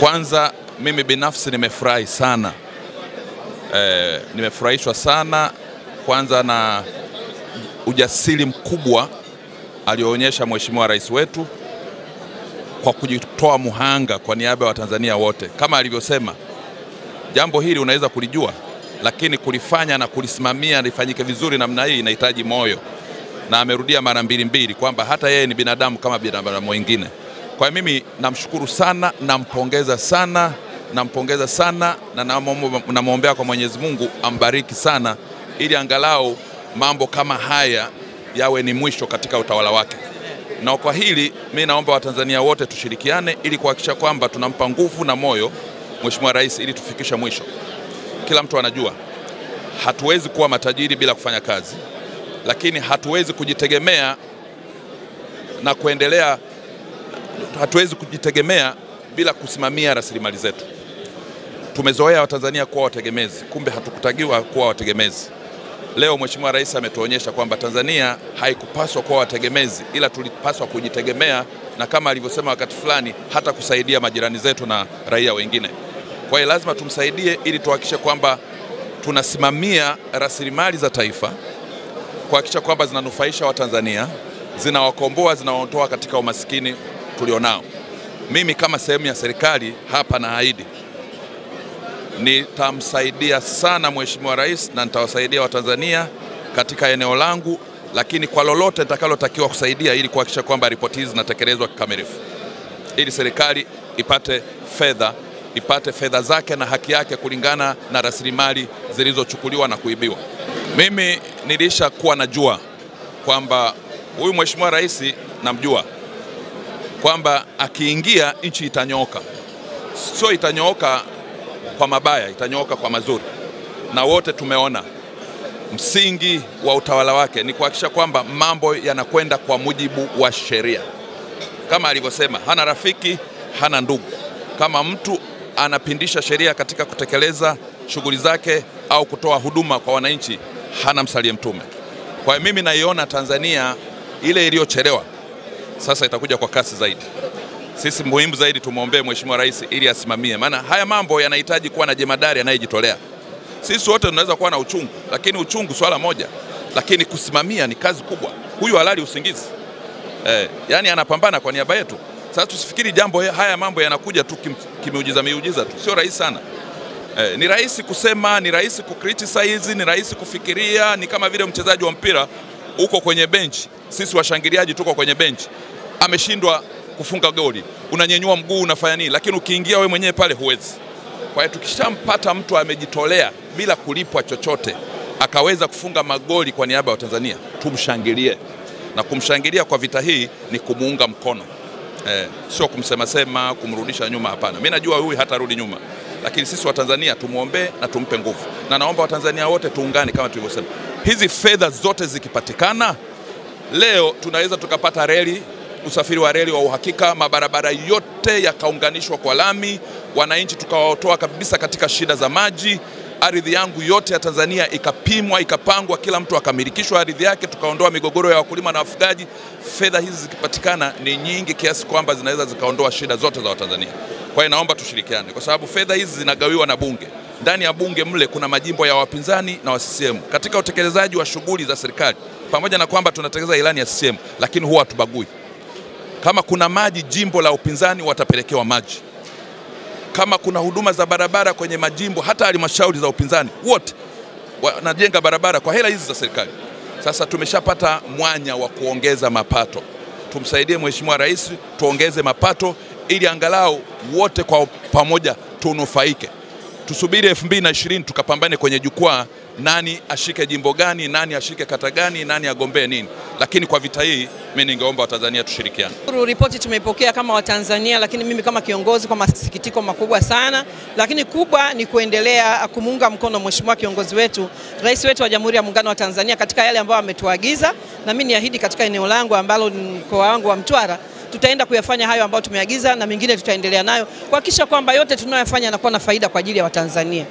Kwanza mimi binafsi nimefurahi sana e, nimefurahishwa sana kwanza na ujasiri mkubwa alioonyesha Mheshimiwa Rais wetu kwa kujitoa muhanga kwa niaba ya Watanzania wote. Kama alivyosema, jambo hili unaweza kulijua, lakini kulifanya na kulisimamia lifanyike vizuri namna hii inahitaji moyo, na amerudia mara mbili mbili kwamba hata yeye ni binadamu kama binadamu wengine. Kwa mimi namshukuru sana, nampongeza sana, nampongeza sana na namwombea kwa Mwenyezi Mungu ambariki sana, ili angalau mambo kama haya yawe ni mwisho katika utawala wake. Na kwa hili mimi naomba Watanzania wote tushirikiane ili kuhakikisha kwamba tunampa nguvu na moyo Mheshimiwa Rais ili tufikishe mwisho. Kila mtu anajua hatuwezi kuwa matajiri bila kufanya kazi, lakini hatuwezi kujitegemea na kuendelea hatuwezi kujitegemea bila kusimamia rasilimali zetu. Tumezoea Watanzania kuwa wategemezi, kumbe hatukutakiwa kuwa wategemezi. Leo Mheshimiwa Rais ametuonyesha kwamba Tanzania haikupaswa kuwa wategemezi, ila tulipaswa kujitegemea, na kama alivyosema wakati fulani, hata kusaidia majirani zetu na raia wengine. Kwa hiyo lazima tumsaidie ili tuhakikishe kwamba tunasimamia rasilimali za taifa, kuhakikisha kwamba zinanufaisha Watanzania, zinawakomboa, zinawaondoa katika umasikini tulionao. Mimi kama sehemu ya serikali hapa naahidi nitamsaidia sana Mheshimiwa Rais na nitawasaidia Watanzania katika eneo langu, lakini kwa lolote nitakalotakiwa kusaidia ili kuhakikisha kwamba ripoti hizi zinatekelezwa kikamilifu, ili serikali ipate fedha ipate fedha zake na haki yake kulingana na rasilimali zilizochukuliwa na kuibiwa. Mimi nilishakuwa najua kwamba huyu Mheshimiwa Rais namjua kwamba akiingia nchi itanyooka, sio itanyooka kwa mabaya, itanyooka kwa mazuri, na wote tumeona msingi wa utawala wake ni kuhakikisha kwamba mambo yanakwenda kwa mujibu wa sheria. Kama alivyosema, hana rafiki, hana ndugu. Kama mtu anapindisha sheria katika kutekeleza shughuli zake au kutoa huduma kwa wananchi, hana msalie mtume. Kwa hiyo mimi naiona Tanzania ile iliyochelewa sasa itakuja kwa kasi zaidi. Sisi muhimu zaidi tumwombee Mheshimiwa Rais ili asimamie, maana haya mambo yanahitaji kuwa na jemadari anayejitolea. Sisi wote tunaweza kuwa na uchungu, lakini uchungu swala moja, lakini kusimamia ni kazi kubwa. Huyu halali usingizi eh, yani anapambana kwa niaba yetu. Sasa tusifikiri jambo haya mambo yanakuja tu kimiujiza miujiza tu, sio rahisi sana. Eh, ni rahisi kusema, ni rahisi kucriticize, ni rahisi kufikiria, ni kama vile mchezaji wa mpira uko kwenye benchi, sisi washangiliaji tuko kwenye benchi, ameshindwa kufunga goli, unanyenyua mguu unafanya nini? Lakini ukiingia we mwenyewe pale huwezi. Kwa hiyo tukishampata mtu amejitolea bila kulipwa chochote akaweza kufunga magoli kwa niaba ya Tanzania, tumshangilie na kumshangilia kwa vita hii ni kumuunga mkono eh, sio kumsemasema, kumrudisha nyuma. Hapana, mimi najua huyu hatarudi nyuma, lakini sisi Watanzania tumwombee na tumpe nguvu, na naomba Watanzania wote tuungane kama tulivyosema hizi fedha zote zikipatikana, leo tunaweza tukapata reli, usafiri wa reli wa uhakika, mabarabara yote yakaunganishwa kwa lami, wananchi tukawaotoa kabisa katika shida za maji, ardhi yangu yote ya Tanzania ikapimwa, ikapangwa, kila mtu akamilikishwa ardhi yake, tukaondoa migogoro ya wakulima na wafugaji. Fedha hizi zikipatikana ni nyingi kiasi kwamba zinaweza zikaondoa shida zote za Watanzania. Kwa hiyo naomba tushirikiane, kwa sababu fedha hizi zinagawiwa na Bunge ndani ya bunge mle kuna majimbo ya wapinzani na wa CCM katika utekelezaji wa shughuli za serikali. Pamoja na kwamba tunatekeleza ilani ya CCM, lakini huwa hatubagui. Kama kuna maji jimbo la upinzani watapelekewa maji, kama kuna huduma za barabara kwenye majimbo hata halmashauri za upinzani wote wanajenga barabara kwa hela hizi za serikali. Sasa tumeshapata mwanya wa kuongeza mapato, tumsaidie Mheshimiwa Rais tuongeze mapato ili angalau wote kwa pamoja tunufaike tusubiri 2020 tukapambane kwenye jukwaa, nani ashike jimbo gani, nani ashike kata gani, nani agombee nini. Lakini kwa vita hii mimi ningeomba Watanzania tushirikiane. Ripoti tumeipokea kama Watanzania, lakini mimi kama kiongozi kwa masikitiko makubwa sana, lakini kubwa ni kuendelea kumuunga mkono mheshimiwa kiongozi wetu, rais wetu wa Jamhuri ya Muungano wa Tanzania katika yale ambayo ametuagiza, na mimi niahidi katika eneo langu ambalo ni mkoa wangu wa Mtwara tutaenda kuyafanya hayo ambayo tumeagiza na mengine tutaendelea nayo kuhakikisha kwamba yote tunayoyafanya yanakuwa na faida kwa ajili ya Watanzania.